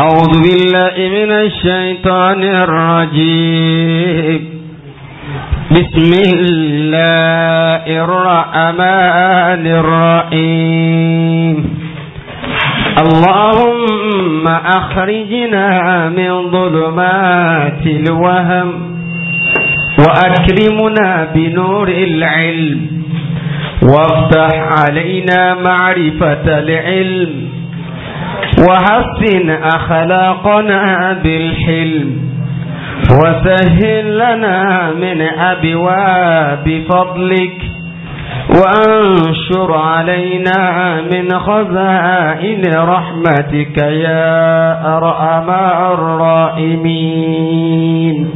أعوذ بالله من الشيطان الرجيم بسم الله الرحمن الرحيم اللهم أخرجنا من ظلمات الوهم وأكرمنا بنور العلم وافتح علينا معرفة العلم وحسن أخلاقنا بالحلم وسهل لنا من أبواب فضلك وأنشر علينا من خزائن رحمتك يا أرأم الرائمين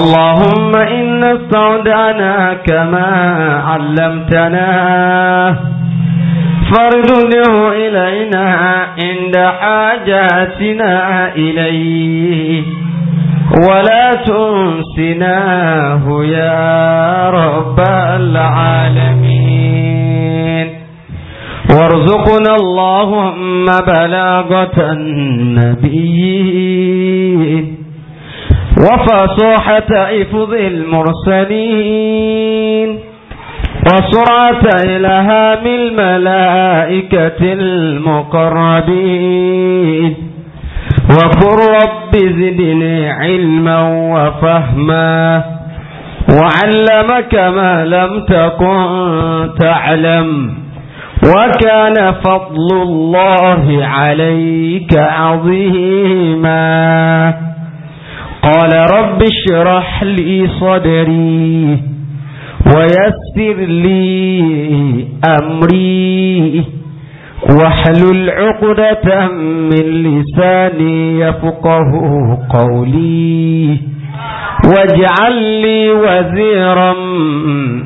اللهم إن استودعناك ما علمتناه فارده إلينا عند حاجاتنا إليه ولا تنسناه يا رب العالمين وارزقنا اللهم بلاغة النبي وفصاحة إفض المرسلين وصرعت إلهام الملائكة المقربين وقل رب زدني علما وفهما وعلمك ما لم تكن تعلم وكان فضل الله عليك عظيما قال رب اشرح لي صدري ويسر لي أمري واحلل عقدة من لساني يفقه قولي واجعل لي وزيرا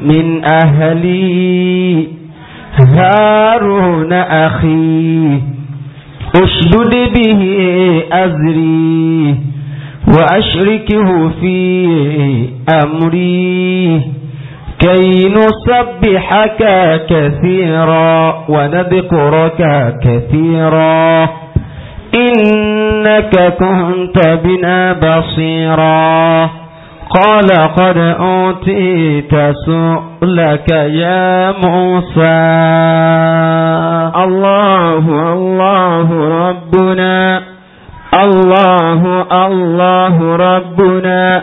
من أهلي هارون أخي أشدد به أزري وأشركه في أمري كي نسبحك كثيرا ونذكرك كثيرا إنك كنت بنا بصيرا قال قد أوتيت سؤلك يا موسى الله الله ربنا الله الله ربنا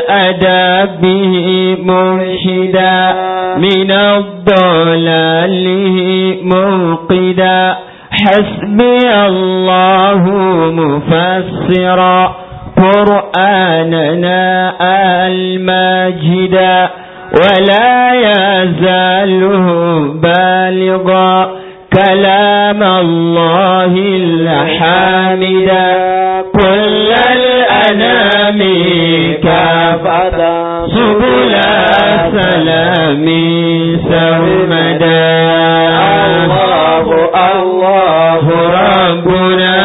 اهتدى به مرشدا من الضلال مرقدا حسبي الله مفسرا قرآننا المجدا ولا يزال بالغا كلام الله الحامدا كل عليك فدا سبل السلام سرمدا الله الله ربنا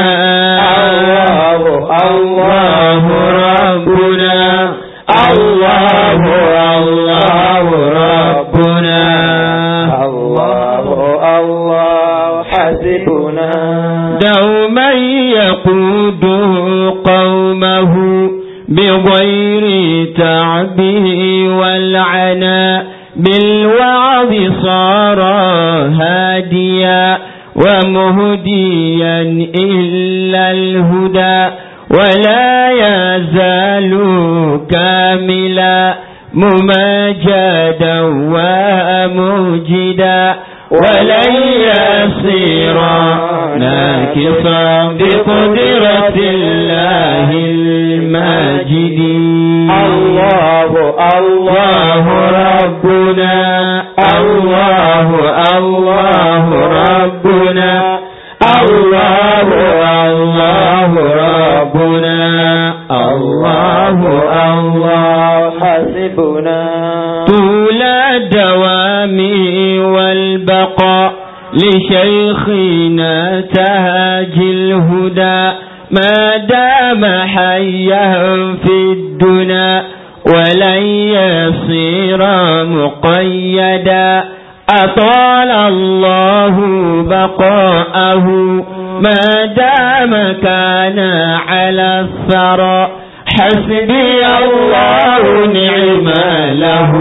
الله الله ربنا الله الله ربنا الله الله حسبنا دوما يقود قومه بغير تعبه والعناء بالوعظ صار هاديا ومهديا إلا الهدى ولا يزال كاملا مماجدا ومجدا ولي أسيرا ناكصا بقدرة الله الماجد الله الله ربنا الله الله ربنا الله الله ربنا الله الله حسبنا طول دوامي والبقاء لشيخنا تهاج الهدى ما دام حيا في الدنا ولن يصير مقيدا أطال الله بقاءه ما دام كان على الثرى حسبي الله نعم له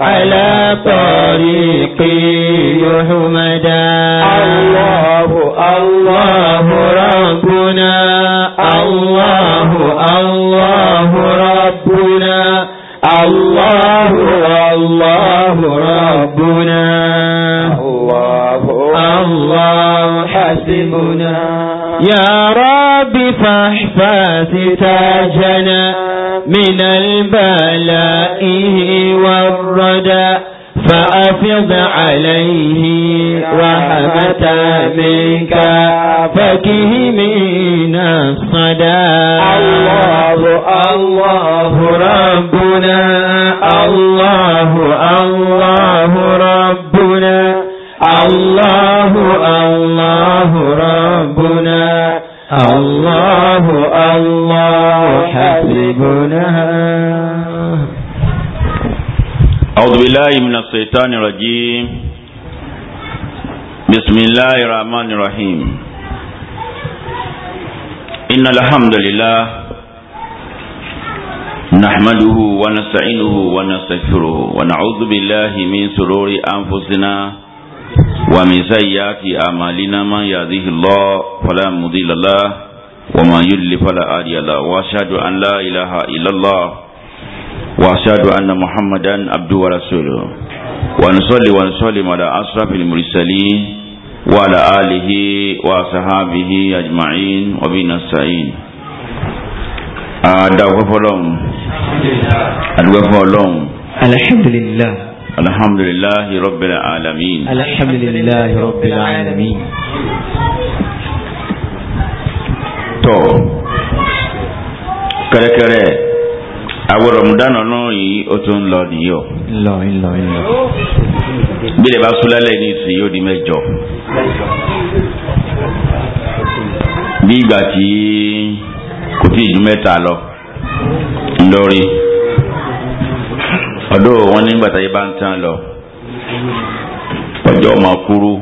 على طريقي يحمدا الله الله ربنا الله الله ربنا الله الله ربنا الله حاسبنا يا رب فاحفظ تاجنا من البلاء والردى فأفض عليه رحمة منك فكه من الصدى الله الله ربنا الله الله ربنا الله الله ربنا الله الله حبيبنا أعوذ بالله من الشيطان الرجيم بسم الله الرحمن الرحيم إن الحمد لله نحمده ونستعينه ونستغفره ونعوذ بالله من شرور أنفسنا ومن سيئات أعمالنا من يهده الله فلا مضل له ومن يضلل فلا هادي له وأشهد أن لا إله إلا الله وأشهد أن محمدا عبده ورسوله ونصلي ونسلم على أشرف المرسلين وعلى آله وصحابه أجمعين وبنستعين أدعو فلوم أدعو فلوم الحمد لله الحمد لله رب العالمين الحمد لله رب العالمين تو. kẹ́rẹ́kẹ́rẹ́ àwọn rọmùdánù náà yìí ó tún lọ nìyí o. ńlọ ńlọ ńlọ. bí lè bá súlálẹ̀ ní ìsìn yóò di mẹ́jọ. bí ìgbà kò tí ì ju mẹ́ta lọ ọ̀dọ́ wọn nígbà táyé bá ń tán lọ ọjọ́ máa kúrú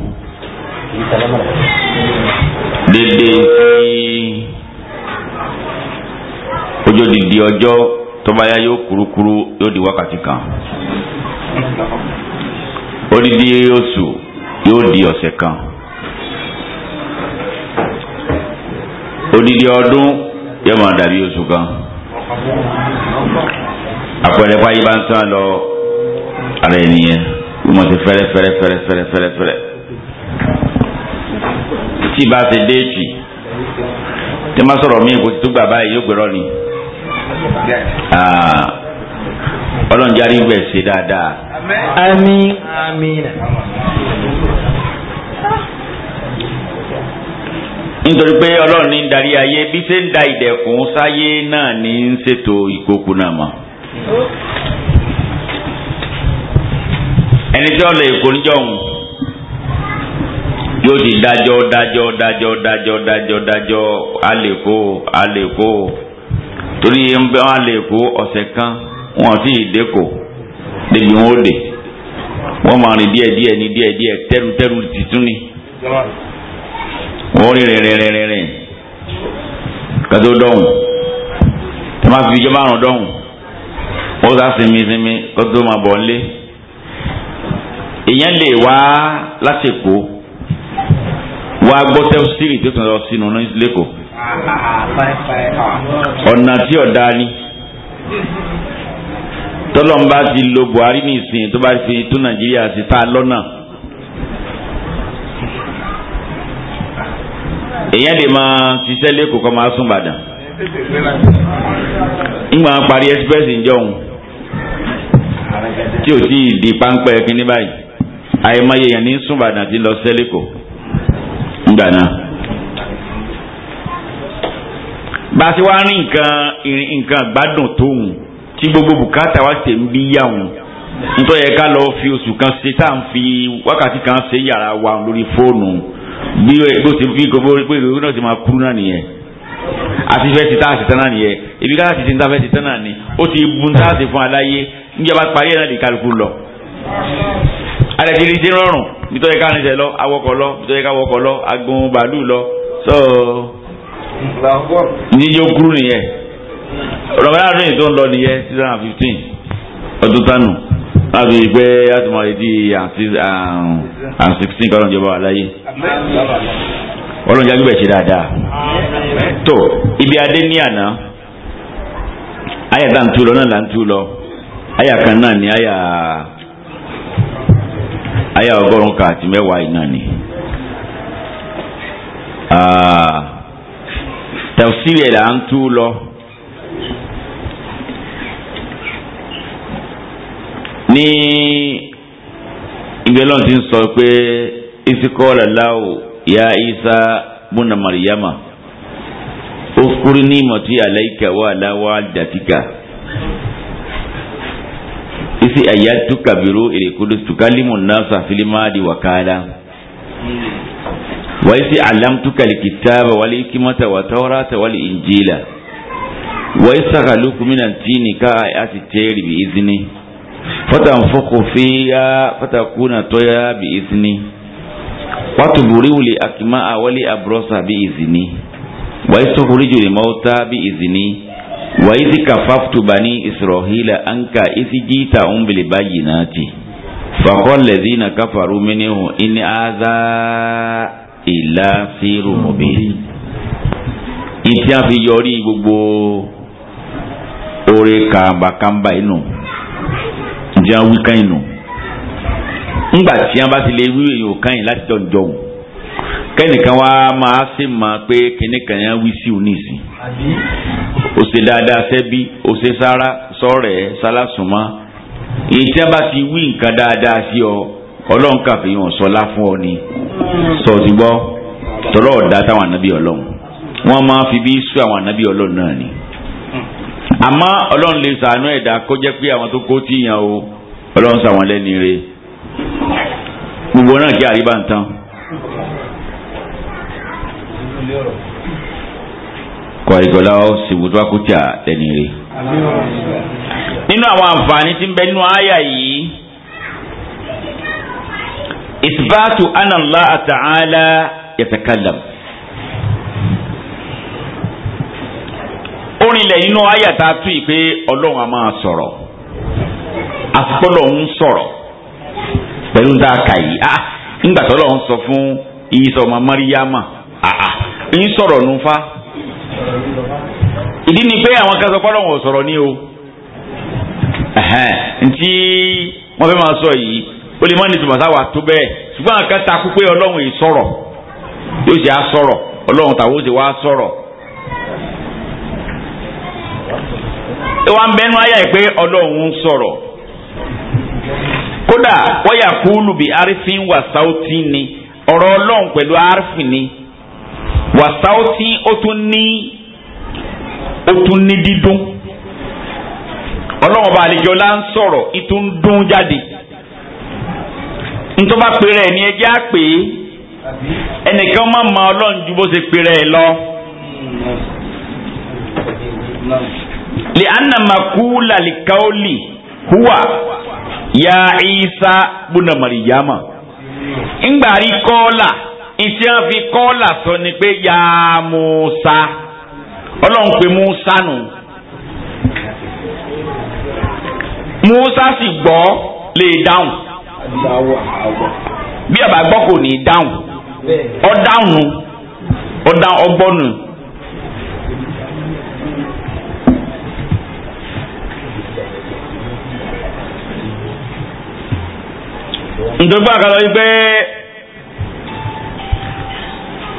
dédé tí ọjọ́ dìde ọjọ́ tó bá yá yóò kúrúkúrú yóò di wákàtí kan odidi oṣù yóò di ọ̀sẹ̀ kan odidi ọdún yóò máa dàbí oṣù kan àpẹẹrẹ báyìí bá ń tán lọ ara ènìyàn wọ́n ti fẹ́rẹ́ fẹ́rẹ́ fẹ́rẹ́ fẹ́rẹ́ fẹ́rẹ́ fẹ́rẹ́ tí ìbá ti déètì tí wọ́n sọ̀rọ̀ mí kò tó gbà báyìí yóò gbèrọ ni ọlọ́run járí bẹ̀ ṣe dáadáa. àmín. àmín. nítorí pé ọlọ́run ní darí ayé bí ṣe ń da ìdẹ̀kùn sáyé náà ní ń ṣètò ìkókù náà mọ́ ẹni tí wọ́n lè kó níjọ́ òun yóò ti dájọ́ dájọ́ dájọ́ dájọ́ dájọ́ dájọ́ alèkó alèkó torí ń bẹ́ wọn alèkó ọ̀sẹ̀ kan wọn ti dẹ́kò débi wọn ó dé wọn máa rìn díẹ̀ díẹ̀ ní díẹ̀ díẹ̀ tẹ́rù tẹ́rù tìtún ni wọ́n rìn rìn rìn rìn rìn kátó dọ́hùn tẹ́ máa fi jẹ́ ó sá sinmi sinmi kó tó bọ̀ nílé èèyàn lè wá lásìkò wá gbọ́ tẹ́sírì tó tún lọ sínú lẹ́kọ̀ọ́ ọ̀nà tí ọ̀dá ni tọ́lọ́mbà ti lo Buhari ní ìsìn tó bá fi tún Nàìjíríà sí ta lọ́nà. èèyàn lè máa ṣiṣẹ́ lẹ́kọ̀ọ́ kọ́ máa sún Ìbàdàn. ń gbà parí express ń jọun tí ò tí di páńpẹ́ kini báyìí àìmọye yẹn ní sùnbàdàn ti lọ sẹ́lẹ̀kọ̀ ńgbà náà. bá a ti wá rí nǹkan nǹkan gbádùn tóun tí gbogbo bùkátà wa ti ń bí yà wọn nítorí yẹ ká lọ fi oṣù kan ṣe tá à ń fi wákàtí kan ṣe yàrá wa lórí fóònù bí bó ṣe fi gbogbo pé ìròyìn náà ti máa kúrú náà nìyẹn àti fẹ́ ti tá a ṣe tán náà nìyẹn ibi ká láti ṣe ń tá a fẹ́ ṣe tán náà ni ó ti bu ń tá a ṣe fún aláyé níjọba parí ẹ̀ náà lè kálukú lọ. alẹ́tìrì ti rọrùn nítorí ká níṣẹ́ lọ awọkọ̀ lọ nítorí ká wọkọ̀ lọ agun bàálù lọ sọ. níjẹ́ ó kúrú nìyẹn rọ̀bẹ́rẹ́ àdúrà yìí tó ń lọ nìyẹn two thousand and fifteen ọdún tánu láti rí i pé àtúmọ̀ ìdí and sixteen kọ́ńtà ìjọba wà láyé ọlọ́run jágbé bẹ̀ ṣe dáadáa tó ibi adé ní àná ayé tá náà là ń tú lọ. Aya kan náà ni aya àyà ọgọ́rùn kan àti mẹ́wàá yìí náà ni. tafsiri ẹ̀ là ń tú lọ. ní ìgbẹ́lọ́n ti ń sọ pé isikola lawo ya isa muna maryama uskuri ni mati alaika wa ala walidatika isi ayyatuka biro ile kudus tukallimu nasa fil madi wa kala wa isi allamtuka alkitaba wal hikmata wa tawrata wal injila wa isaghaluku minan tini ka ayati tayri bi izni fatanfukhu fiha fatakuna toya bi izni watuburiu li akmaa wali abrosa bi izni wa istukhrijul mauta bi wa idh kafaftu bani israhila anka idh jitahum bil bayyinati faqala alladhina kafaru minhu in hadha illa sirrun mubin ìtí a fi yọrí gbogbo oore kàmbàkàmbà inú ìjà wíkà inú ńgbà tí a bá ti lè wí èèyàn kan yìí láti jọ̀ǹjọ̀hún kẹ́nìkan wá máa ṣe mọ̀ pé kìnnìkan yẹn wí sí òní ìsìn. ó ṣe dáadáa sẹ́bí ó ṣe sára sọ́rẹ̀ sálásùnmọ́. ìtí a bá ti wí nǹkan dáadáa sí ọ ọlọ́run kàfihàn sọlá fún ọ ni. sọ ti gbọ́ táwọn ànábì ọlọ́run wọ́n máa fi bí sùn àwọn ànábì ọlọ́run náà ni. àmọ́ ọlọ́run lè sàánú ẹ̀dá kó jẹ́ pé àwọn tó kó tíyàn o ọlọ́run sàwọn lẹ́ni re gbogbo náà kí àríbá ń tán. kọ̀ríkọ̀láwọ́ ṣèwòdó akójà lẹ́ni rẹ̀. nínú àwọn àǹfààní tí ń bẹ nínú àyà yìí ìsìbáàtù anàlá orinlẹ̀ a tún yìí pé ọlọ́run a máa sọ̀rọ̀ àsìkò lọ́hún sọ̀rọ̀ pẹ̀lú dáa kà yìí ah ńgbà tó sọ fún ìyíṣọ́ ma Mariama ah, ah. ń sọ̀rọ̀ nufa ìdí ni pé àwọn kan sọ pé ọlọ́run sọ̀rọ̀ ní o ntí wọ́n fẹ́ máa sọ yìí ó lè má ní tòmọ̀tá wà tó bẹ́ẹ̀ ṣùgbọ́n àwọn kan takú pé ọlọ́run ì sọ̀rọ̀ yóò ṣe á sọ̀rọ̀ ọlọ́run tàwọn ó ṣe wá sọ̀rọ̀. wa ń bẹnu ayà yìí pé ọlọ́run ń sọ̀rọ̀ kódà wọ́yà kúlù bí arifin wà sáútì ni ọ̀rọ̀ ọlọ́run pẹ̀lú arifin ni wasauti ó tún ní ó tún ní dídún ọlọ́run ọba àlejò ọlá ń sọ̀rọ̀ ìtún ń dún jáde nítorí bá pèrè ẹ̀ ní ẹjẹ́ á ẹnìkan má ma ọlọ́run ju bó ṣe pèrè ẹ̀ lọ. li'anna makula likauli huwa ya isa buna mariyama ngbari kọ́ọ́là. ìtí a fi kọ́ làsọ ni ya Musa ọlọ́run pé Musa nù Musa sì gbọ́ lè dáhùn bí ọba gbọ́ kò ní dáhùn ọ dáhùn ọ dá ntọ́gbà kan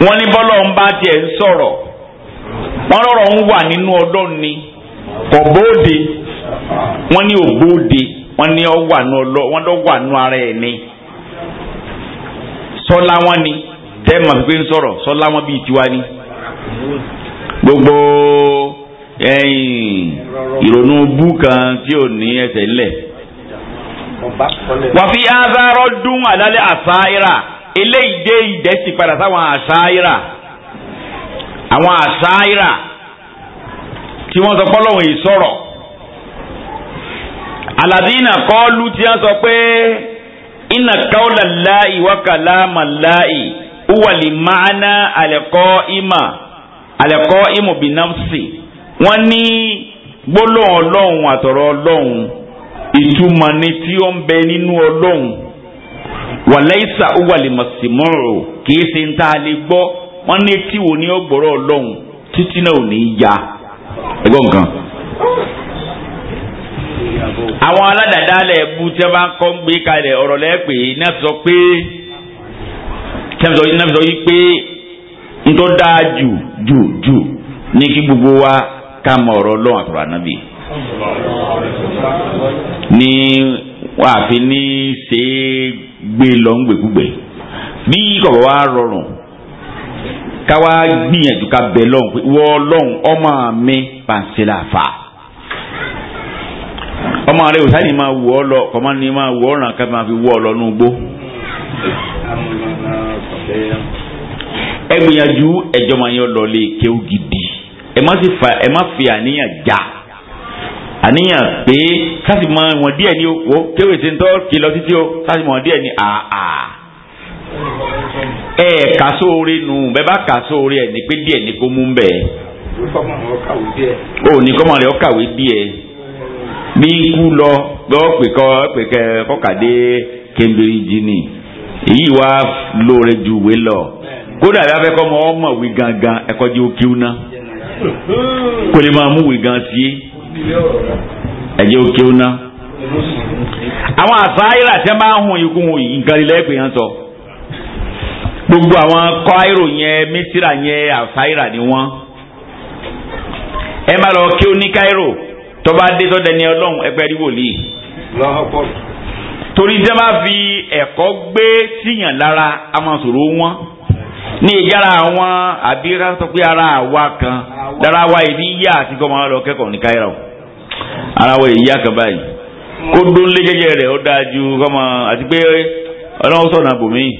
wọ́n ní bọ́lọ̀ ń bá tiẹ̀ ń sọ̀rọ̀ wọ́n lọ́rọ̀ ń wà nínú ọlọ́run ni kò bóde wọ́n ní ògbóde wọ́n ní ọ wà nù ọlọ́ wọ́n lọ wà nù ara ẹ̀ ni sọlá wọn ni tẹ́ màá pé ń sọ̀rọ̀ sọlá wọn bíi tiwa ni gbogbo ìrònú bú kan tí ò ní ẹsẹ̀ ńlẹ̀ wàá fi ázárọ́ dún àdálẹ́ àṣà ìrà. eléyìí dé ibẹ̀ ti padà sáwọn àṣàyíra àwọn àṣàyíra tí wọ́n sọ pọ́lọ́hùn yìí sọ̀rọ̀ aladina kọ́ọ́lù ti wọ́n sọ pé inna kaula láì wa kalama láì uwàlì máàná àlẹ́kọ́ ìmà àlẹ́kọ́ ìmù bìnàfsì wọ́n ní gbólóhùn ọlọ́hùn àtọ̀rọ̀ ni tí ó ń bẹ nínú wàlẹ́yìísà wàlẹ́ mọ̀símọ́rò kìí ṣe ń tá a lè gbọ́ wọ́n ní etí wo ni ó gbọ́rọ̀ ọlọ́run títí náà ò ní í ya ẹgbọ́n nǹkan. àwọn aládàádálẹ̀ ẹ̀bù tí wọ́n bá ń kọ́ ń gbé kalẹ̀ ọ̀rọ̀ lẹ́pẹ́ náà sọ pé náà sọ yìí pé n tó dáa jù jù jù ní kí gbogbo wa ká mọ ọ̀rọ̀ ọlọ́run àtọ̀rọ̀ ànábì ní wàá fi ní ṣe é. gbé lọ ń gbèkúgbè bí kọ̀ọ̀bọ̀ wa rọrùn ká wá gbìyànjú ká bẹ lọ́hùn pé wọ́ lọ́hùn ọmọ mi ọmọ rẹ ò máa wù ọ lọ kọ́mọ ni máa wù ọ ràn ká máa fi wù ọ lọ nù gbó. ẹ gbìyànjú ẹjọ́ máa yọ àníyàn pé káfí mọ wọn díẹ̀ ni o kéwèé ti ń tọ́ kí lọ títí o káfí mọ díẹ̀ ni àà. ẹ kà sóore nù bẹ́ẹ̀ bá kà sóore ẹ̀ ní pé díẹ̀ ni kó mú bẹ́ẹ̀. o ní kọ́mọ rẹ̀ ó kàwé díẹ̀. bí ikú lọ gbọ́ pé kọ́ pé kẹ́ kọ́kàdé Cambridge ni èyí wá lóore ju ìwé lọ kódà bí a fẹ́ kọ́ ọmọ ọmọ wí gangan ẹ̀kọ́ jẹ́ òkè ọ̀nà kò lè máa mú wí gan sí i ẹ̀jẹ̀ òkè ọ̀nà. àwọn àṣàyèrè àti ẹ̀ máa ń hun ikú nǹkan ilẹ̀ ẹ̀pẹ̀ yẹn sọ. gbogbo àwọn kọ́ìrò yẹn mísírà yẹn àṣàyèrè ni wọ́n. ẹ má lọ kí ó ní káírò tó bá dé tó dẹni ọlọ́run ẹgbẹ́ rí wòlíì. torí tí wọ́n fi ẹ̀kọ́ gbé síyàn lára a wọn ní ìjára àwọn àbí sọ pé ara àwa kan dára wa ìdí yá àti kọ́mọ lọ kẹ́kọ̀ọ́ ní káyọ̀ ara wa ìyá kan báyìí kó dónlé jẹ́jẹ́ rẹ̀ ó dáa ju kọ́mọ àti pé ọlọ́run sọ̀nà bòmíì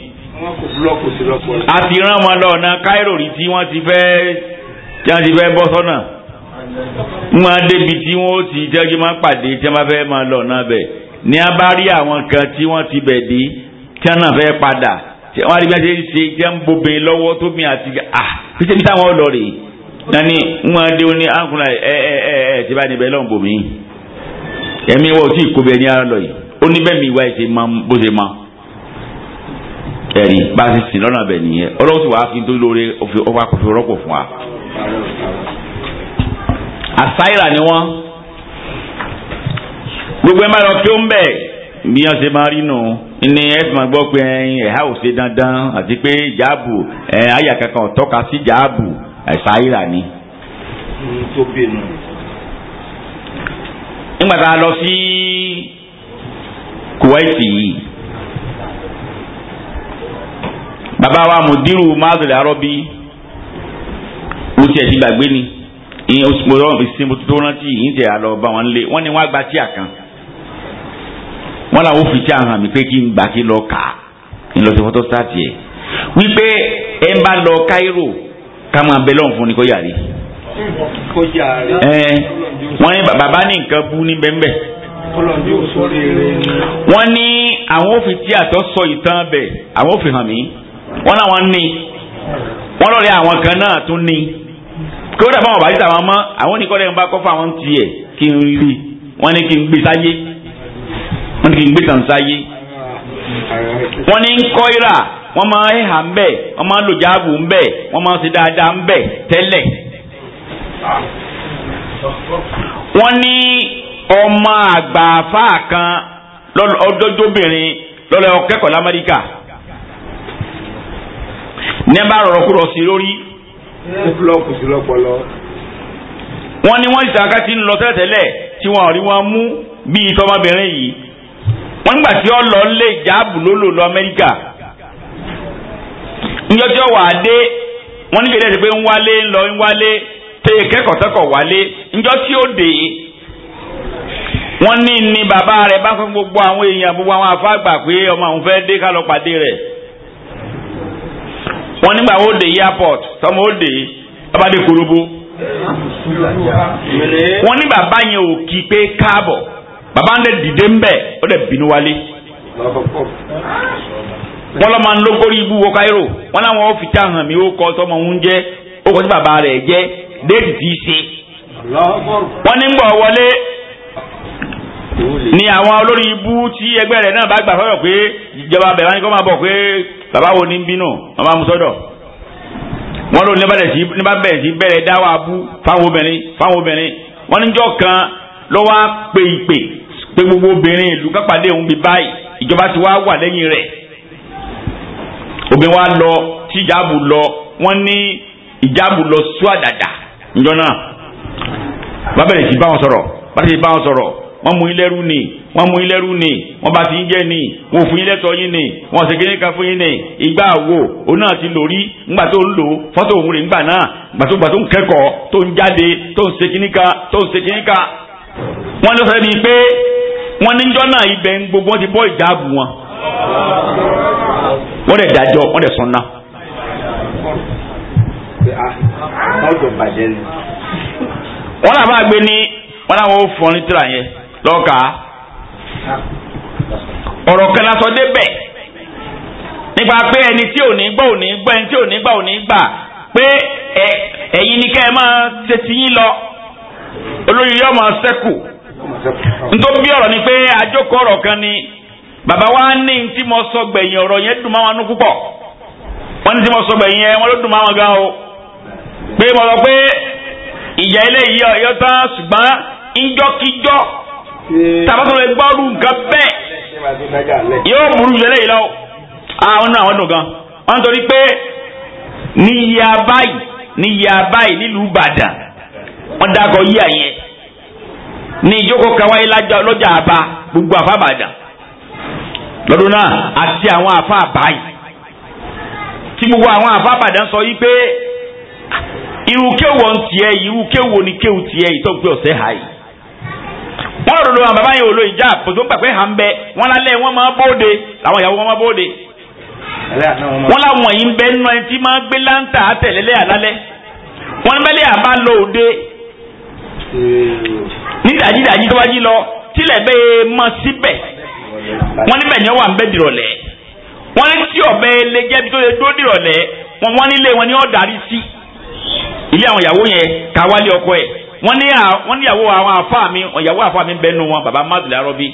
àti rán wọn lọ ọ̀nà káírò rí tí wọ́n ti fẹ́ tí wọ́n ti fẹ́ bọ́ sọ́nà wọn á débi tí wọ́n ó ti jẹ́jú máa pàdé tí wọ́n bá fẹ́ máa lọ ọ̀nà bẹ̀ ní a bá rí àwọn kan tí wọ́n ti bẹ̀ dé tí wọ́n náà fẹ́ padà wọ́n adi bí wọ́n ti ṣe jẹ́ ń bobin tó mi àti ah títí bí táwọn lọ rè nani wọn adé wọn ní ankunna ẹ ẹ ẹ ẹ ti bá níbẹ̀ lọ́n bòmí ẹ̀mí wọ́n ti kó bẹ́ẹ̀ ní ara lọ yìí ó ní bẹ́ẹ̀ mi ìwà ẹ̀ṣẹ̀ máa bó ṣe máa ẹ̀rí bá a ti sìn lọ́nà bẹ̀ nìyẹn ọlọ́run sì wàá fi tó lóore ọba kòfin rọ́pò fún wa. àṣàyìrà ni wọ́n gbogbo ẹ̀ máa lọ kí ó ń bẹ̀ bí wọ́n ṣe máa rí nù ní ẹ̀fọn gbọ́ pé ẹ̀há ò ṣe dandan àti pé jáàbù ẹ̀ àyà kankan tọ́ka sí jáàbù ẹ̀sà ìrà ni. nígbà tá a lọ sí Kuwaiti yìí bàbá wa mùdírù mazali arọ́bí mo tiẹ̀ gbàgbé ni ìyẹn oṣù tó rántí ìyẹn tiẹ̀ àlọ́ bá wọn lé wọ́n ní wọ́n gba tíà kan wọn làwọn fi tí a hàn mí pé kí n gbà kí lọ kà á kí n lọ sí fọ́tò sáàtì ẹ̀ wípé ẹ ń bá lọ Cairo ká máa bẹ lọ́hùn fún ni kó yàrí. wọ́n ní bàbá ní nǹkan bú ní bẹ́ńbẹ́. wọ́n ní àwọn òfin tí àtọ́ sọ ìtàn bẹ̀ àwọn òfin hàn mí wọ́n làwọn ní wọ́n lọ́ọ̀rẹ́ àwọn kan náà tún ní kí ó dàbọ̀ àwọn bàjẹ́ tàwọn mọ́ àwọn oníkọ́lẹ́ ń bá kọ́ fún àwọn tiẹ̀ kí n rí wọ́n ní kí n gbé sáyé. wọ́n ní kí gbé tàn sáyé wọ́n ní kọ́ ìrà máa ń ń bẹ̀ wọn máa lò jáàbù ń bẹ̀ wọ́n wọ́n ní ọmọ àgbà kan lọlọ lọ́lọ́ ọ̀kẹ́kọ̀ọ́ lamẹ́ríkà ní bá sí lórí. wọ́n ní wọ́n ti ń lọ tí wọ́n rí wọn mú bíi yìí wọ́n nígbà tí ó lọ lé ìjáàbù ló lò lọ Amẹ́ríkà ńjọ́jọ́ wà á dé wọ́n níbi ìrẹsì pé ń wálé ń lọ ń wálé tẹ kẹ́kọ̀ọ́ tẹ́kọ̀ọ́ wálé ńjọ́ tí ó dé wọ́n ní ní bàbá rẹ̀ bá fún gbogbo àwọn èèyàn gbogbo àwọn afáàgbà pé ọmọ àwọn fẹ́ dé ká lọ pàdé rẹ̀ wọ́n nígbà ó dé airport tọmọ ó dé bàbá dé korobo wọ́n ní bàbá yẹn ò kí pé káàbọ̀. baba ń dẹ̀ dìde ń bẹ̀ ó dẹ̀ bínú wálé. bọ́lá máa ń lógórí ibú wọ káírò wọn làwọn ó fi tá hàn mí ó kọ́ sọmọ ń jẹ́ ó kọ́ sí bàbá rẹ̀ jẹ́ déètì tí í ṣe. wọ́n ní ń bọ̀ wọlé ni àwọn olórí ibú tí ẹgbẹ́ rẹ̀ náà bá gbà sọ́dọ̀ pé ìjọba bẹ̀rẹ̀ wọn ni kó máa bọ̀ pé bàbá wo ni ń bínú wọn máa mú sọ́dọ̀ wọn ló ní bá bẹ̀rẹ̀ sí bẹ̀rẹ̀ dáwà abú fáwọn obìnrin fáwọn obìnrin wọn níjọ́ kan ló wá pe ìpè pé gbogbo obìnrin ìlú kápálẹ̀ òun bí báyìí ìjọba ti wá wà lẹ́yìn rẹ̀ obìnrin wa lọ tí ìjáàbù lọ wọ́n ní ìjáàbù lọ sú àdàdà njọ́ náà bàbá rẹ̀ sì bá wọn sọ̀rọ̀ bàbá rẹ̀ bá wọn sọ̀rọ̀ wọ́n mú ilé rú ni wọ́n mú ilé rú ni wọ́n bá ti ń jẹ́ ni wọ́n ò fún yín lẹ́tọ̀ọ́ yín ni wọ́n ò sì kéde kan fún yín ni ìgbà wo òun náà ti lò rí ńgbà tó ń lò fọ́tò òun rè ńgbà náà gbà tó ń kẹ́kọ̀ọ́ tó ń jáde tó ń ṣe tó ń ṣe wọ́n lọ sọ bíi pé wọ́n ní njọ́ náà ibẹ̀ ń gbogbo wọn ti bọ́ ìjáàbù wọn wọ́n dẹ̀ dájọ́ wọ́n dẹ̀ wọn náà bá gbé ní wọ́n náà yẹn ọ̀rọ̀ kan lásán pé ẹni tí ò ní gbà ò gbà pé ẹyin ni ẹ máa ṣe lọ yóò máa nítorí bí ọ̀rọ̀ ni pé àjókòó ọ̀rọ̀ kan ni bàbá wa ní ní tí mo sọ gbẹ̀yìn ọ̀rọ̀ yẹn dùn máa wọn púpọ̀ wọ́n ní tí mo sọ gbẹ̀yìn yẹn ló dùn wọn gan o pé mo sọ pé ìjà eléyìí ọ̀yọ́ tán ṣùgbọ́n ìjọkíjọ́ nǹkan bẹ́ẹ̀ yóò burú ah, àwọn náà wọ́n dùn gan wọ́n torí pé báyìí báyìí nílùú Ìbàdàn wọ́n dákọ̀ ní ìjókòó kan wáyé lọ́jà àbá gbogbo àfa àbàdàn lọ́dún náà àti àwọn àfa àbáyì tí gbogbo àwọn àfa àbàdàn sọ yìí pé irú kéwòn tiẹ̀ yìí irú kéwòn ni kéwòn tiẹ̀ yìí ọ̀sẹ̀ hà yìí wọ́n rò lóun àbábá yẹn ò lo ìjà àpòtò pàpẹ́ hàn bẹ́ wọ́n lálẹ́ wọ́n máa bóde làwọn ìyàwó wọn máa bóde wọ́n làwọn yìí ń bẹ́ nù ẹni tí máa gbé láǹtà àtẹ̀lẹ́lẹ́ àlálẹ́ wọ́n mẹ́lẹ́ àbá lò ó ní dàjídàjí tó bá jí lọ tílẹ̀ bẹ́ẹ̀ mọ síbẹ̀ wọ́n níbẹ̀ ni ó wà ń bẹ́ dìrọ̀lẹ́ wọ́n ní tí ọ̀bẹ lè jẹ́ bí tó lè dúró dìrọ̀lẹ́ wọ́n wọ́n nílé wọn ni ó darí sí ilé àwọn ìyàwó yẹn ká wálé ọkọ ẹ̀ wọ́n ní wọ́n níyàwó àwọn àfáà mi ìyàwó àfáà mi bẹ́ẹ̀ nu wọn bàbá mazlẹ̀ arọ́bí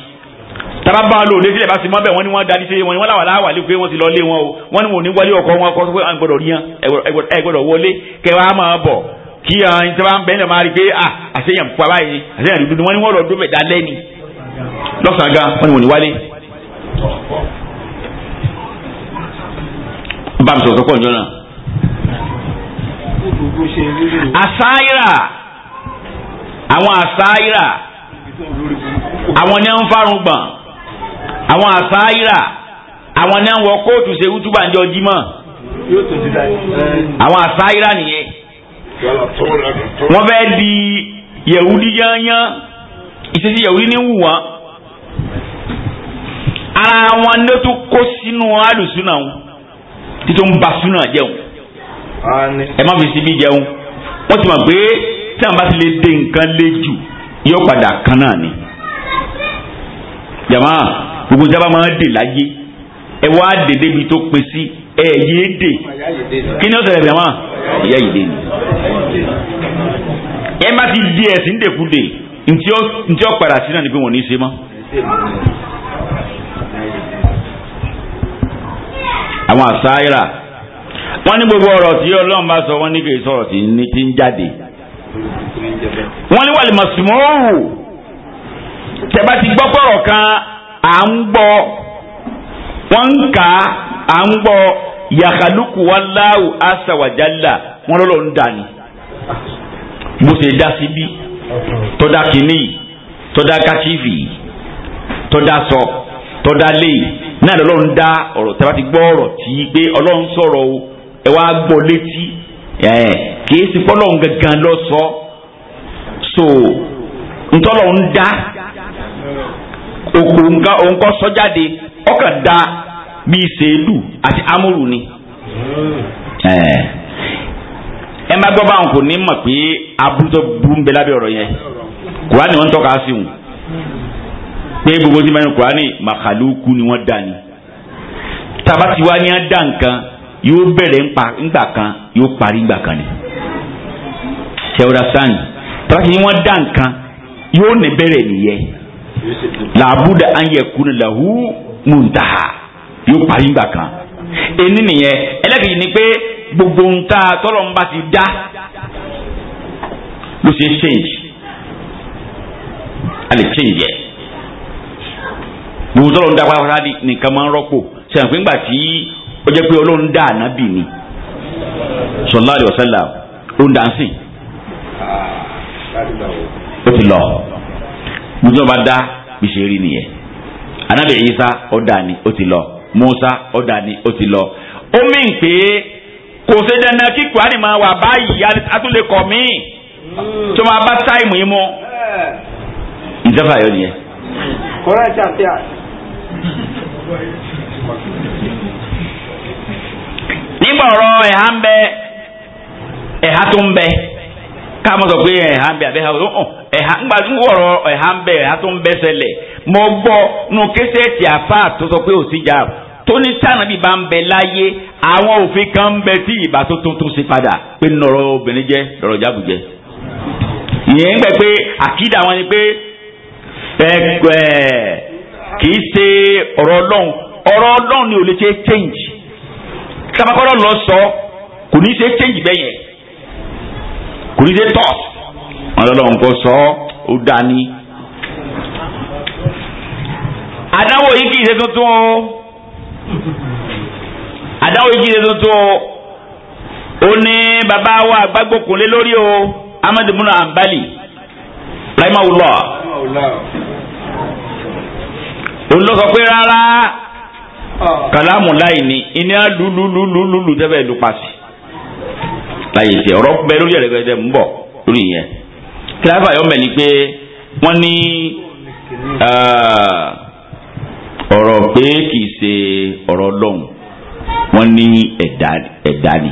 tara bá lò létí lẹ́bàá sí mọ́ bẹ́ẹ̀ wọ́n ní wọ́n darí sí wọn ni wọ́n láwà láwà lé pé wọ́n ti lọ lé wọn o wọ́n ní wọn ò ní wọlé ọkọ wọn kọ́ pé ẹ gbọ́dọ̀ ríyan ẹ wọlé kẹwàá máa bọ̀ kí àwọn ìjọba ń bẹ́ẹ̀ ní ọmọ àrí pé à ah, àṣeyàn pupa báyìí àṣeyàn dúdú wọn ni wọn lọ dó bẹ̀dá lẹ́ni lọ́sàn-án gan wọn ni wọn ni wálé. bá mi sọ̀rọ̀ sọ́kọ̀ ọ̀jọ́ náà. àṣàyíra àwọn àṣàyíra àwọn ni wọn fárun gbọ̀n àwọn àṣàyíra àwọn ni wọn kóòtù ṣe wútúbà ń jọ jímọ̀ àwọn àṣàyíra nìyẹn wọ́n fẹ́ di yẹ̀wúdí yányán ìṣesí yẹ̀wúdí ní wù wọ́n ara wọn ló tún kó sínú alùsùnà wọn títún ba súnà jẹun ẹ má fi síbi jẹun wọ́n ti mọ̀ pé tí àwọn bá ti lè dé nǹkan lé jù yóò padà kan náà ni jàmá gbogbo sábà máa ń dè láyé ẹ wá dè débi tó pe sí ẹ yéé dè kí ni ó ṣẹlẹ̀ bẹ̀rẹ̀ wọn ìyá yìí dé ni. ẹ má ti di ẹ̀sìn dèkúdè ntí ó padà sí náà ni pé wọ́n ní í ṣe mọ́. àwọn àṣàyíra wọ́n ní gbogbo ọ̀rọ̀ tí Ọlọ́run bá sọ wọ́n ní kì í sọ̀rọ̀ tí ń jáde wọ́n ní wàlẹ̀ màsùmọ́rù tẹ̀bá ti gbọ́ pọ̀rọ̀ kan à ń gbọ́ wọ́n ń kà á a ń gbọ́ yàkàlùkù wàláwù àṣàwàjálà wọn lọ́lọ́ ń dà ní. mo sì dá sí bí tọ́dá kìíní tọ́dá kàtífì tọ́dá sọ tọ́dá lé náà lọ́lọ́run dá ọ̀rọ̀ tí a bá ti gbọ́ ọ̀rọ̀ tí pé ọlọ́run sọ̀rọ̀ sọ so ntọ́lọ́run dá nǹkan sọ jáde ọkàn bíi sèlú àti amúrù ni. ẹ má gbọ́ báwọn kò ní mọ̀ pé abúlé burú ń bẹ lábẹ́ ọ̀rọ̀ yẹn kùránì wọn ń tọ́ka sí wọn pé gbogbo sí mẹ́rin màkàlùkù ni wọ́n dà ní. dà nǹkan kan yóò parí ńgbà kan ni. sẹ́wọ́dà wọ́n dà nǹkan yóò ní bẹ̀rẹ̀ nìyẹn làbúdà yóò parí gbà kan ẹni nìyẹn ẹlẹ́kìí ni pé gbogbo ń ta tọ́lọ̀ ń bá ti dá ló ṣe change a lè change yẹ gbogbo tọ́lọ̀ ń dá pátápátá nìkan máa ń rọ́pò sẹ́yìn pé ńgbà tí ó jẹ́ pé ọlọ́run dá ànábì ni sallallahu alaihi wasallam ó ń dansìn ó ti lọ gbogbo tọ́lọ̀ bá dá bí rí nìyẹn ànábì Ìsá ó dá ni ó ti lọ. Musa ọ̀dà ni ó ti lọ. ó mìn pé kò ṣe dandan kí máa wà báyìí atúlẹ̀kọ̀ míì hmm. tó máa bá táìmù yín eh. ìjọba nìyẹn. kọ́lá ìṣe àti à. bẹ ẹ̀há tó ń bẹ ká mọ̀ sọ pé ẹ̀há ń bẹ àbẹ́há ẹ̀há ẹ̀há ń bẹ ẹ̀há mo gbọ́ nu kẹsẹ̀tì àfáà tó sọ pé ò sí jà tó ní tànà bí bá ń bẹ láyé àwọn òfin kan ń bẹ tí ìbá tó tuntun sí padà pé nọ̀rọ̀ obìnrin jẹ́ nọ̀rọ̀ jábùjẹ́ ìyẹn gbẹ pé àkídà wọn ni pé ẹgbẹ́ kì ṣe ọ̀rọ̀ ọlọ́run ọ̀rọ̀ ọlọ́run ni ò lè ṣe change tabakọ́rọ́ lọ sọ kò ní ṣe change bẹ́ẹ̀ yẹn kò ní ṣe tọ́ ọlọ́run kò sọ ó dání àdáwò yìí kì í ṣe tuntun o àdáwò yìí kì í ṣe tuntun o ó ní bàbá wa àgbàgbọ́kùnlé lórí o amadu muna ambali rahimahullah òun ló sọ pé rárá kàlámù láì ní iná lululululu tẹ́fẹ̀ ló pàṣẹ láyé ṣe ọ̀rọ̀ bẹ lórí ẹ̀rẹ́gbẹ̀rẹ́ ń bọ̀ lórí yẹn kíláàfà yọ̀ọ́ mẹ́ni pé wọ́n ní ọ̀rọ̀ pé kì í ṣe ọ̀rọ̀ ọlọ́run wọ́n ní ẹ̀dá ẹ̀dá ni.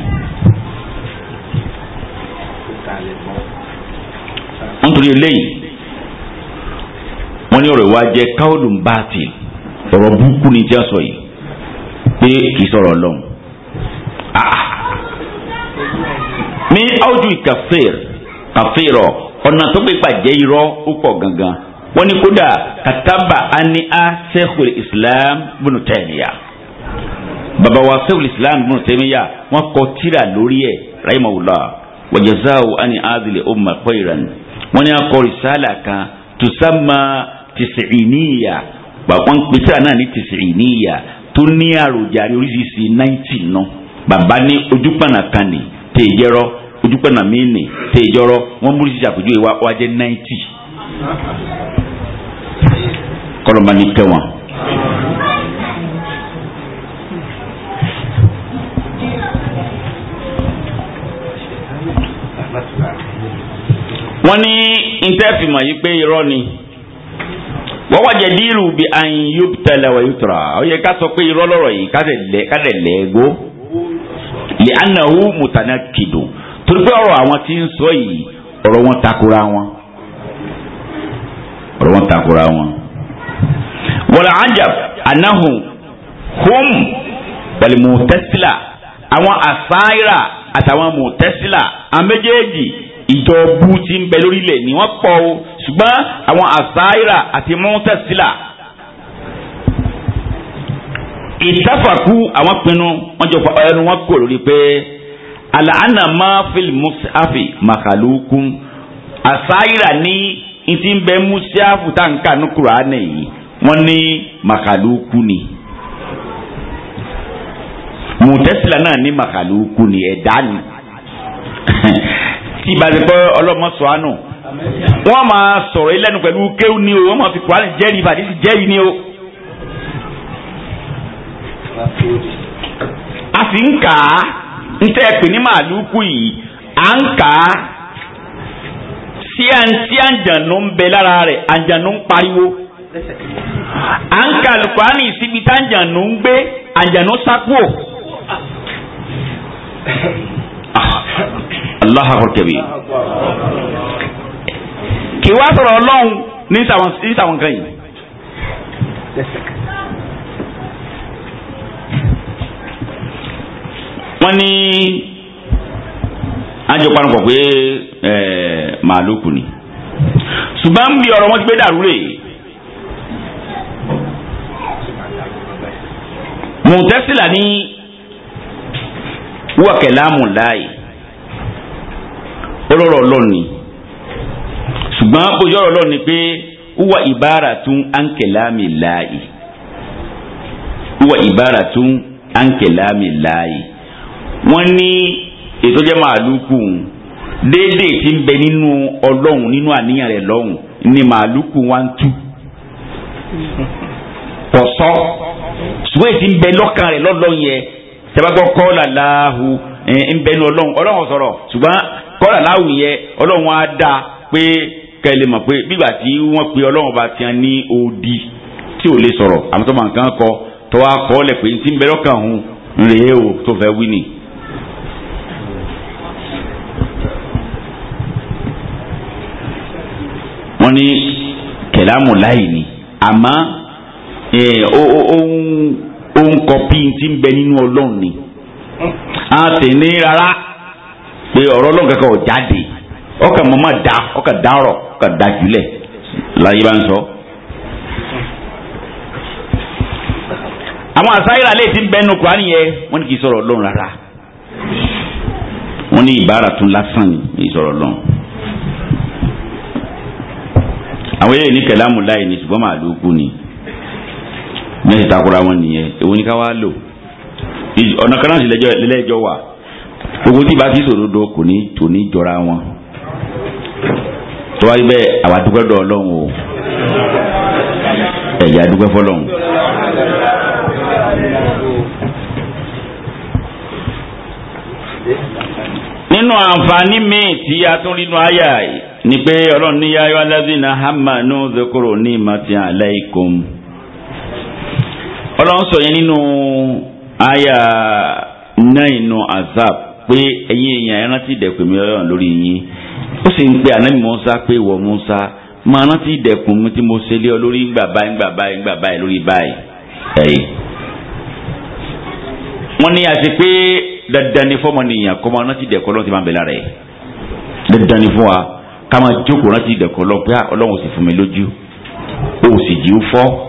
nítorí eléyìí wọ́n ní ọ̀rọ̀ ìwà jẹ́ káwọ́lù báàtì ọ̀rọ̀ burúkú ni jẹ́ sọ yìí pé kì í sọ̀rọ̀ ọlọ́run. ní áwùjù kàfíìr kàfíìrọ̀ ọ̀nà tó gbé gbàjẹ́ irọ́ ó pọ̀ gangan wọ́n ní kódà kataba ani a islam bùnú tẹ̀míyà baba wa sẹ́kùlì islam bùnú tẹ̀míyà wọ́n kọ tírà lórí ẹ̀ rahimahullah wajazahu ani adìlẹ̀ umma khairan wọ́n ní akọ risala kan tusamma tìsìnìyà wọ́n ń pèsè àná ní tìsìnìyà tó ní àròjàre oríṣiríṣi náìtì náà bàbá ní ojúpànà kan ní tèjẹrọ ojúpànà míì ní tèjọrọ wọ́n múrísí àpèjúwe wa wájẹ náìtì kọlọmọ ní kẹ wọn. wọ́n ní ntẹ́fìmọ̀ yìí pé irọ́ ni wọ́n wájẹ díìrù bí ayin yóò tẹ̀lé wọ́n yóò tọ̀ra ó yẹ ká sọ pé irọ́ lọ́rọ̀ yìí ká dẹ̀ lẹ́ẹ̀gbó lè anahu mutana kìdùn torí pé ọ̀rọ̀ àwọn tí ń sọ yìí ọ̀rọ̀ wọn takora wọn ọ̀rọ̀ wọn takora wọn wala ajab anahu hum wàlìmùtẹ́sílà àwọn àsáírà asaira mùtẹ́sílà àwọn amejeji ìjọ bú ti ń ni wọ́n pọ̀ o ṣùgbọ́n àwọn àsáírà àti mùtẹ́sílà ìtafàkù àwọn pinnu wọ́n jọ fọ ẹnu wọn kò lórí pé àlàánà máa fi mùsàfì màkàlùkùn àsáírà ní ìtì bẹ mùsàfù tá à kà ní kùránì yìí wọ́n ní màkàlùkù ni mùtẹ́sílà náà ní màkàlùkù ni ẹ̀dá ni tí ìbáṣe pé ọlọ́mọṣọ àánú wọ́n máa sọ̀rọ̀ yìí lẹ́nu pẹ̀lú kéwù ni o wọ́n máa fi kúránì jẹ́rìí ìbàdí ti jẹ́rìí ni o. a sì ń kà á ń tẹ́ ẹ pè ní màlúkù yìí à ń kà á sí àǹtí àǹjànú ń bẹ lára rẹ̀ àǹjànú ń pariwo à ń ka alukurani síbi tá àjànú ń gbé àjànú sápò. Allahu akbar kabi. Kì wá sọ̀rọ̀ Ọlọ́run ní sàwọn kan yìí. Wọ́n ní àjọpanupọ̀ pé màálùkù ni. Ṣùgbọ́n bí ọ̀rọ̀ wọn ti gbé dàrú rèé. mùtẹ́sílà ní wọ́kẹ̀láàmù láàyè ọlọ́rọ̀ ọlọ́ọ̀ni ṣùgbọ́n bójú ọ̀rọ̀ ni pé wúwa ìbára tún ánkẹ̀láàmì láàyè wúwa ìbára tún ánkẹ̀láàmì láàyè wọ́n ní ètò jẹ́ màálùkù déédéé ti ń bẹ nínú ọlọ́run nínú àníyàn rẹ̀ lọ́hùn ni màálùkù wa ń tú kò sọ ṣùgbọ́n èsì ń bẹ lọ́kàn rẹ̀ lọ́lọ́ yẹn tẹ́bàgbọ́ kọ́ọ̀là láàhù ń bẹ nu ọlọ́run ọlọ́run sọ̀rọ̀ ṣùgbọ́n kọ́ọ̀là láàhù yẹn ọlọ́run á dá pé kẹ́lẹ́ mọ̀ pé bígbà tí wọ́n pe ọlọ́run bá tiẹ̀ ní odi tí ò lè sọ̀rọ̀ àmọ́ tó máa nǹkan kọ tó wá kọ́ lẹ̀ pé ti ń bẹ lọ́kàn òun rèé o tó fẹ́ wí ni. wọ́n ní kẹ̀lámù láì ní àmọ́ ó kọpi kọpí ń bẹ nínú ọlọ́run ni a sì ní rárá pé ọ̀rọ̀ ọlọ́run kankan ò jáde mọ́ da ọkàn da ọ̀rọ̀ ọkàn da jùlẹ̀ láyé bá ń sọ. àwọn àṣàyíra ti ń bẹnu kura nìyẹn wọ́n ní kì í sọ̀rọ̀ ọlọ́run rárá wọ́n ní ìbára tún lásán ọlọ́run àwọn ní mẹ́sì takora wọn nìyẹn èwo ni ká wá lò ọ̀nà kan náà sì lẹ́jọ́ wà gbogbo tí ìbá ti sòdodo kò ní tò ní jọra wọn tọ́wáyé bẹ́ẹ̀ àwa dúpẹ́ dọ̀ ọlọ́run o ẹ̀yà dúpẹ́ fọlọ́run. nínú àǹfààní míì tí a tún rí nínú àyà ni pé ọlọ́run ní yáyọ́ aládìní hamanu dhukuru ní màtí alaykum ọlọ́run sọ yẹn nínú àyà náà inú azab pé ẹ̀yin èèyàn ẹrántí ìdẹ̀kùn mi ọlọ́run lórí yín ó sì ń pe ànábì Mùsá pé ìwọ Mùsá máa rántí ìdẹ̀kùn mi tí mo ṣe lé ọ lórí ìgbà báyìí ìgbà báyìí ìgbà báyìí lórí báyìí wọ́n ní àti pé dandan ni fọ́mọnìyàn kọ́ máa rántí ìdẹ̀kùn ọlọ́run ti máa ń bẹ lára ẹ̀ dandan ni fún wa ká máa jókòó rántí ìdẹ̀kùn ọlọ́run pé ah, ọlọ́run ò sì fún mi lójú ó sì jí ó fọ́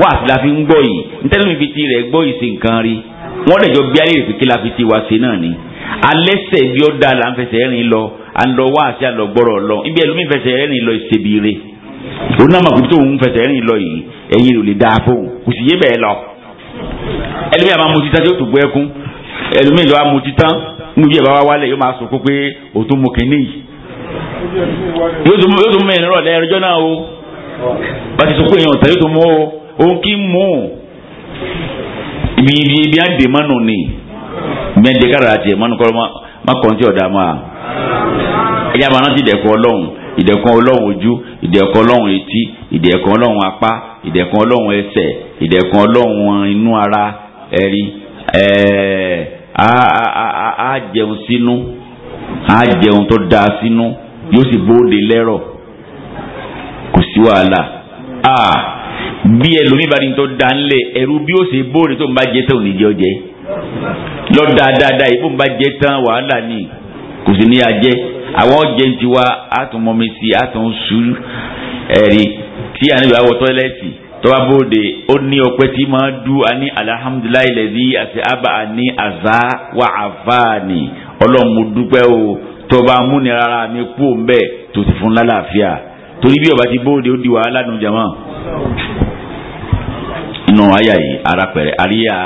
wá àti la fi ń gbọ́ yìí nítorí mi fi ti rẹ̀ gbọ́ yìí sí nǹkan rí wọ́n dẹ̀ jọ bí alẹ́ rẹ̀ pé kí la fi ti wá sí náà ni alẹ́sẹ̀ bí ó da là ń fẹsẹ̀ rìn lọ à ń lọ wá àti àlọ́gbọ́rọ̀ lọ ibi ẹlòmíì fẹsẹ̀ rìn lọ ìṣèbí rẹ̀ òun náà mọ̀ pé tó ń fẹsẹ̀ rìn lọ yìí ẹ̀yin rò lè dáa fóun kò sì yé bẹ́ẹ̀ lọ ẹlòmíì àmọ́ mo ti tí ó tún gbọ́ ẹkún ẹlòmíì lọ́wọ́ mo ti tán níbi ẹ̀ bá wá wálẹ̀ yóò máa sọ̀kò pé òtún mo kìíní yìí yóò tún mú ẹ̀rọ lẹ́ẹ̀rọjọ́ náà o kì í mú ibi ibi ibi àdè mánu ni ibi àdè kára àti mánu kọ́ ma ma tí ọ̀dà máa ẹ̀yà máa rántí ìdẹ̀kùn ọlọ́run ìdẹ̀kùn ọlọ́run ojú ìdẹ̀kùn ọlọ́run etí ìdẹ̀kùn ọlọ́run apá ìdẹ̀kùn ọlọ́run ẹsẹ̀ ìdẹ̀kùn ọlọ́run inú ara ẹ̀rí ẹ̀ẹ́ eh, á jẹun sínú á jẹun tó dáa sínú yóò sì bóde lẹ́rọ̀ kò sí wàhálà. Ah bí ẹlòmíì bá ní tó da ńlẹ̀ ẹ̀rú bí ó ṣe bóore tó ń bá jẹ tán ò ní jẹ́ ọjẹ́ lọ dáadáa yìí bó ń bá jẹ tán wàhálà ni kò sí ní ajẹ́ àwọn ọjẹ́ ń tiwa àtúnmọ́mi sí àtúnṣu ẹ̀rí tí àníbi àwọ̀ tọ́lẹ́tì tọ́wá bóde ó ní ọpẹ́ tí máa dú àní alihamudulilayi lẹ́dí àti àbá àní àzá wà àfáàní ọlọ́run dúpẹ́ o tọba amúnira ara mi kú òun bẹ́ẹ̀ tó ti fún lálàáfíà torí bí ọba ti bóde ó di wàhálà nu jàmọ́ nínú àyà yìí arápẹrẹ àríyá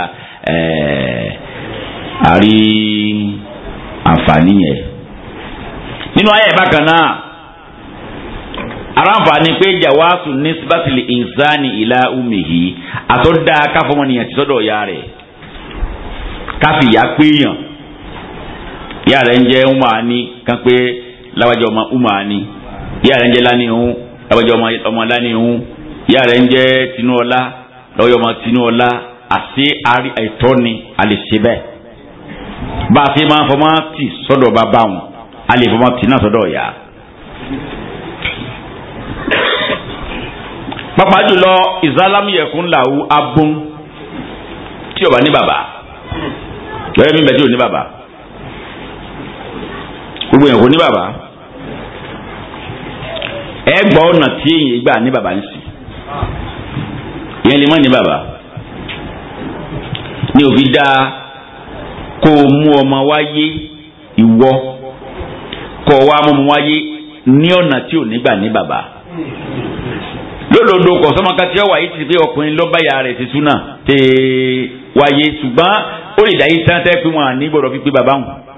àrí àǹfààní yẹn nínú àyà yìí bákan náà ara pé jawaasu nisbatili insani ila umihi àtọ́dá káfọmọnìyàn ti sọ́dọ̀ ya rẹ̀ káfíyà péyàn ya rẹ̀ ń jẹ́ umani kan pé lábàjẹ́ ọmọ umani ya rẹ̀ ń jẹ́ lánìhun lábàjẹ́ ọmọ lánìhun ìyá rẹ̀ ń jẹ́ tinúọlá lọ́yọ̀ máa tinú ọ̀la àti àrí ẹ̀tọ́ ni a lè ṣe bẹ́ẹ̀ bá a fi máa fọmọ́ tì sọ́dọ̀ bá bá wọn a lè fọmọ́ tì náà sọ́dọ̀ ọ̀yà. pápá jùlọ ìsálámù yẹ̀kún làwù abún tí ó bá ní bàbá lọ́yọ̀ mi bẹ̀ tí ò ní bàbá gbogbo yẹn kò ní bàbá ẹ gbọ́ ọ̀nà tí èyí gbà ní bàbá ń ìyẹn lè má ní bàbá ní òfin dá kó o mú ọmọ wáyé ìwọ kó o wá mú ọmọ wáyé ní ọ̀nà tí ò nígbà ní bàbá lódodo kò sọmọ kan yìí ti pé ọkùnrin lọ́ba rẹ̀ ti súnà tè wáyé ṣùgbọ́n ó lè dá yìí tán pé wọn à ní gbọ́dọ̀ fi pé bàbá wọn.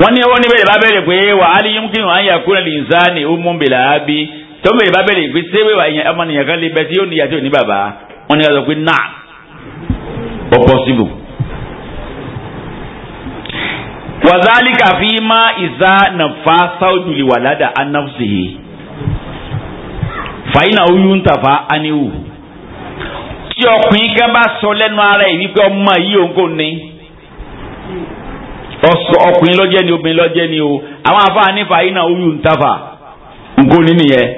wọ́n ní wọ́n ní bẹ́ẹ̀ bá bẹ̀rẹ̀ pé wà á lè yín kí wọ́n á yà kúrẹ́ lè ń sá ni ó mú bèlà á bí tó bẹ̀rẹ̀ bá bẹ̀rẹ̀ pé ṣé wà yẹn ọmọ nìyẹn kan lè bẹ tí ó níyà tí ò ní bàbá wọ́n ní wọ́n pé náà ó pọ́sibù. wàzálíkà fi má ìzá nàfà sáwùjú lè wà ládàá anáfùsì fàyínà oyún tàfà áníwù tí ọkùnrin kan bá sọ lẹ́nu ara ọkùnrin lọ́jẹ́ ni obìnrin lọ́jẹ́ ni o àwọn afáà nífa iná ń tafa ní nìyẹn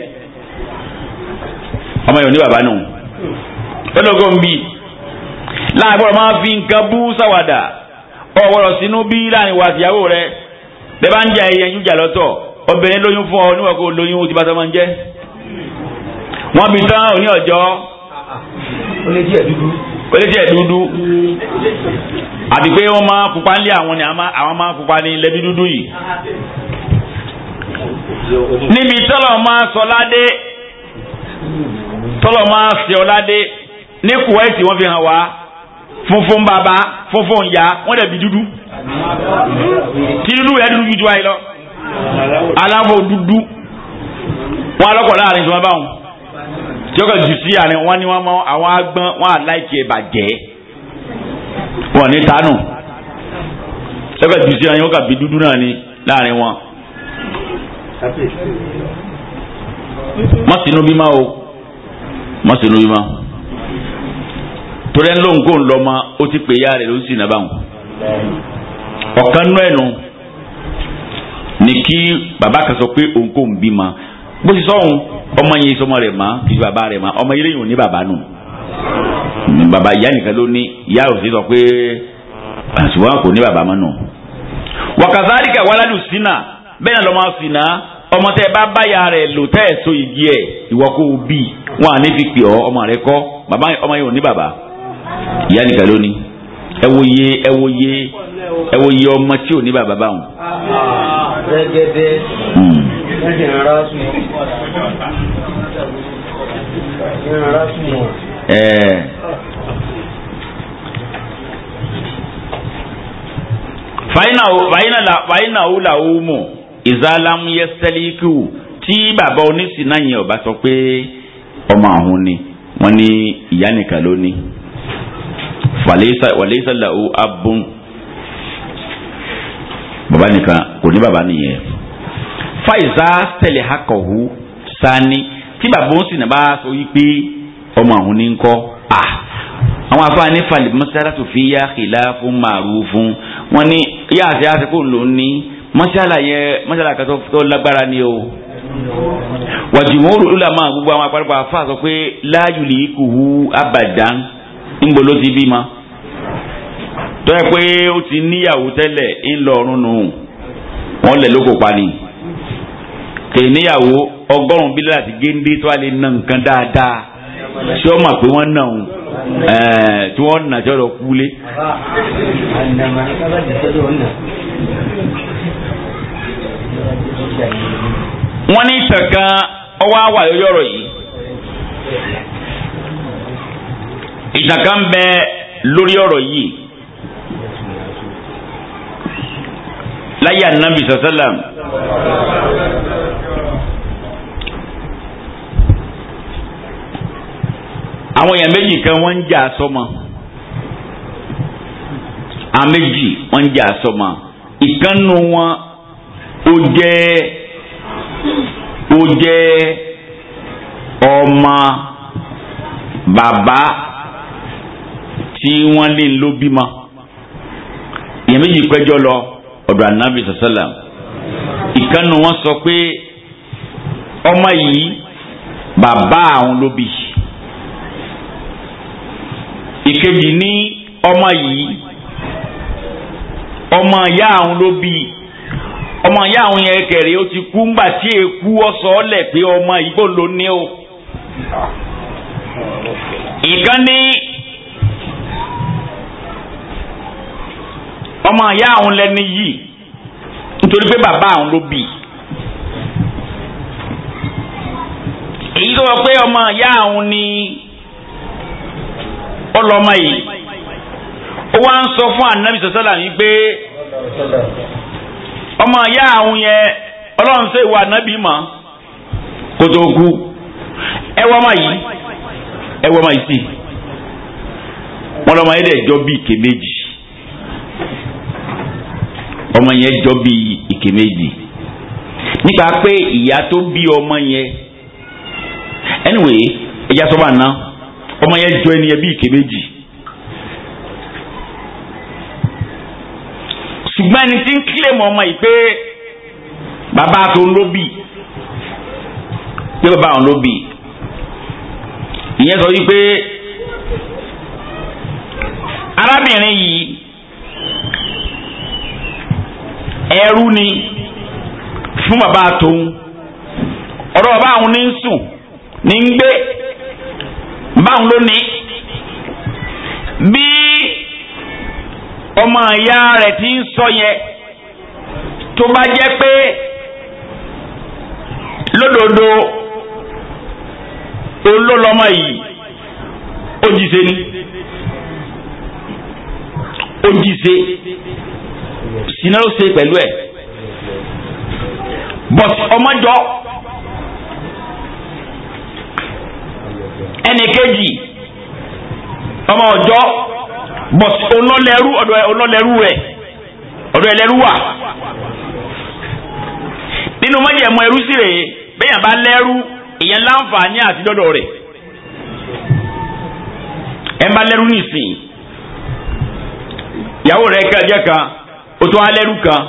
ọmọ yòó ní bàbá nù ọlọ́gọ́ ń bì láàbọ̀rọ̀ máa fi nǹkan bú sínú bí láàrin wa àtìyàwó rẹ bẹ́ẹ̀ bá ń ẹyẹ jà lọ́tọ̀ obìnrin lóyún fún ọ níwọ̀n kó lóyún ti bá ń jẹ́ wọ́n bí tán òní ọ̀jọ́. kọ́lé jẹ́ dúdú àbí pé wọ́n máa pupa nílé àwọn ni àwọn máa pupa ní lẹ́bí dúdú yìí. níbi tọ́lọ̀ máa sọ ládé tọ́lọ̀ máa ṣe ọ ládé ní kuwaiti wọ́n fi hàn wá funfun bàbá funfun ìyá wọ́n dẹ̀ bí dúdú kí dúdú yẹn dúdú ju ju wa yìí lọ aláwọ̀ dúdú wọn alọ́kọ̀ láàrin tí wọ́n bá wọn jọ́kọ̀ jù sí àárín wọn ni wọ́n mọ àwọn agbọ́n wọn àláìkí ẹ̀ bàjẹ́ wọn ní tánù jọ́kọ̀ jù sí àárín wọn kàbí dúdú náà ni láàrin wọn. mọ̀ sínú bímọ o mọ̀ sínú bímọ torí ẹ̀ ń lóun kó ń lọ ma ó ti pè ya rẹ̀ ló ń sìn náà báwọn. ọ̀kan nú nù ni kí bàbá kan sọ pé òun kò ń bímọ bó ti sọ̀hún ọmọ yẹn sọmọ rẹ̀ mọ́ kì í ṣe bàbá rẹ̀ mọ́ ọmọ yẹn lẹ́yìn ò ní bàbá nù hmm, bàbá ìyá nìkan ló ní ìyá ò sí sọ pé àṣùwọ̀n ah, kò ní bàbá mọ́ nù. wàkàtàríkà wàlálù sínà bẹ́ẹ̀ náà lọ́mọ sínà ọmọ tẹ bá báyà rẹ̀ lò tẹ́ ẹ̀ so igi ẹ̀ ìwọ kó o bí wọn à ní fi pè ọ́ ọmọ rẹ kọ́ bàbá ọmọ yẹn ò ní bàbá ìyá nìkan ló ní ẹ wo ye ẹ wo ye ẹ wo ye ọmọ tí ò ní bàbá báwọn. Hmm ẹ̀jẹ̀ rárá sùn ẹ̀jẹ̀ rárá sùn wọn. fàyínà fàyínà ó là ó mọ̀ ìzálàmù yẹ sẹ́líkù tí bàbá oníṣìí náà yẹn ọba sọ pé ọmọ àwọn ni wọ́n ní ìyá nìkan ló ní wàlẹ́sà làwọn abún bàbá nìkan kò ní bàbá nìyẹn fàìzà tẹ̀lé akọ̀wò sani tí bàbá òun sì nà bá sọ yí pé ọmọ àwọn ní kọ́ à àwọn afáàní falẹ̀ mọ́sálà tó fi yá xìlá fún màrú fún wọn ní yá àti àti kò ló ní mọ́sálà yẹ mọ́sálà kan tó lágbára ni o wàjúmọ́ olùlámà gbogbo àwọn àpárọ̀pọ̀ afá sọ pé láàyò lè kú abadan ńgbò ló ti bímọ tọ́ ẹ pé ó ti níyàwó tẹ́lẹ̀ ńlọrọrùn nù wọ́n lóko pa ni. ènìyàwó ọgọ́rùn-ún bílẹ̀ àti géńdé tó a lè na nǹkan dáadáa tí wọ́n mọ̀ pé wọ́n nà òun tí wọ́n nà jọ́ kúlé. wọ́n ní ìtàn kan ọwọ́ àwà lórí ọ̀rọ̀ yìí ìtàn kan bẹ lórí ọ̀rọ̀ yìí. láyé ànábì sàsálàm. àwọn èèyàn méjì kan wọ́n ń jà sọ́mọ àwọn méjì wọ́n ń jà sọ́mọ ìkànnù wọn ó jẹ́ ó jẹ́ ọmọ bàbá tí wọ́n lé ló bímọ èèyàn méjì péjọ lọ ọ̀dọ̀ anabi sàlá ìkànnì wọn sọ pé ọmọ yìí bàbá àwọn ló bí ìkejì ní ọmọ yìí ọmọ ìyá àwọn ló bí ọmọ ìyá àwọn yẹn kẹrẹ ó ti kú ńgbà tí èkú ọsọ ọlẹ pé ọmọ ìgbò ló ní o ìkànnì. ọmọ ìyá àwọn lẹni yìí nítorí pé bàbá àwọn ló bì í. èyí tó wọ pé ọmọ ìyá àwọn ni ọlọmọ yìí ó wá ń sọ fún ànábì sọ́sọ́là yìí pé ọmọ ìyá àwọn yẹn ọlọ́run ṣe ìwà ànábì mọ́ kó tó kú ẹ wọ́n mọ̀ yìí ẹ wọ́n mọ̀ yìí sí wọ́n lọ́mọ yẹn dẹ̀ jọ bíi kèméjì ọmọ yẹn jọ bí ìkè méjì nípa pé ìyá tó bí ọmọ yẹn anyway ẹja sọ máa ná ọmọ yẹn jọ ẹni yẹn bí ìkè méjì ṣùgbọ́n ẹni tí ń kílè mọ́ ọmọ yìí pé bàbá tó ń lóbì pé bàbá òun lóbì ìyẹn sọ wípé arábìnrin yìí. ẹrú ni fún bàbá tòun ọ̀rọ̀ bàbá àwọn ní ń sùn ní ń gbé báwọn ló ní bí ọmọ ìyá rẹ̀ ti ń sọ yẹn tó bá jẹ́ pé lódodo olólọ́mọ yìí òjìṣe ni òjìṣe ṣìnà se ṣe pẹ̀lú ẹ̀ but ọmọjọ ẹnìkejì ọmọ but ọlọ́lẹ́rú ọ̀dọ̀ ọlọ́lẹ́rú rẹ̀ ọ̀dọ̀ ẹlẹ́rú wà nínú mọ́jẹ̀mú ẹrú sí rèé bẹ́ẹ̀ yàn bá lẹ́rú ìyẹn láǹfààní àti dọ́dọ̀ rẹ̀ ẹ̀ ń nìsín ìyàwó rẹ̀ kẹjẹ kan ó tún á lẹ́rú kan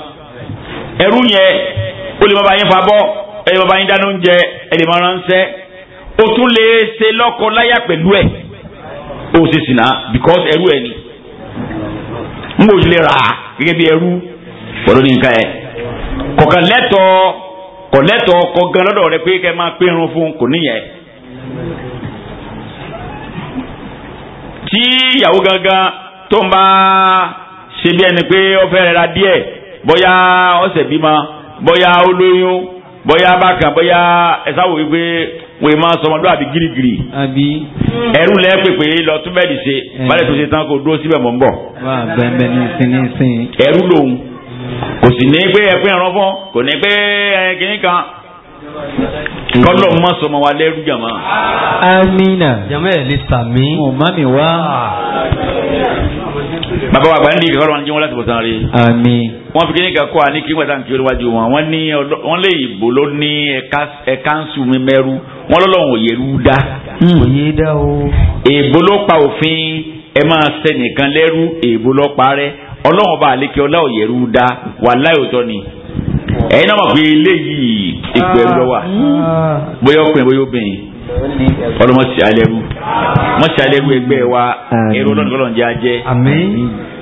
ẹrú yẹn ó lè má bá yín fa bọ́ ẹ lè má bá yín dáná oúnjẹ ẹ lè má ránṣẹ́ ó tún lè ṣe lọ́kọ láyà pẹ̀lú ẹ̀ ó sì sìnà because ẹrú ẹ̀ ni n kò lè rà gẹ́gẹ́ bí ẹrú pẹ̀lú nìkan ẹ̀ kọ̀kan lẹ́tọ̀ọ́ kọ̀ lẹ́tọ̀ọ́ kọ gan lọ́dọ̀ rẹ pé kẹ́ máa pérun fún kò níyẹn. tí ìyàwó gangan tó ń bá ṣe bí ẹni pé ó fẹ́ rẹ̀ ra díẹ̀ bóyá ọ̀sẹ̀ bímọ bóyá ó lóyún bóyá bákan bóyá ẹ̀sáwò wípé wòye máa sọ ọmọdé àbí girigiri ẹrú lẹ pé pé lọ tún bẹ́ẹ̀ dìse balẹ̀ tó ṣe tán kó dúró síbẹ̀ mọ́ ń bọ̀. ẹrú lòun kò sì ní pé ẹ pé ẹran fún kò ní pé ẹ kìíní kan kọlọ mọ sọmọ wa lẹrú jàmá. amina jàmá ẹ lè sàmí. mo má mi wá. Ah bàbá wa gbàǹdì ìgbà wọn jẹ́ wọn láti bọ̀tán rí. àmín. wọ́n fi kíní kan àní kí wọ́n tàn kí olúwájú wọn wọ́n ní wọ́n lé ìbò ló ní ẹ̀kánṣu mi mẹ́rú wọ́n lọ́lọ́run òyèrú dá. Hmm. òye o. èèbó òfin ẹ máa sẹ́nìkan lẹ́rú èèbó ló parẹ́ ọlọ́run bá ọlá òyèrú dá wàláhì òótọ́ ni ẹ̀yin náà mọ̀ pé eléyìí ìgbẹ́rú lọ́wà ah. bóyá ọkùnrin bóyá obìnrin ọlọmọ sí alẹ́rú mọ sí alẹ́rú ẹgbẹ́ wa èrò ọlọ́run kọ́lọ́run jẹ́ ajẹ́.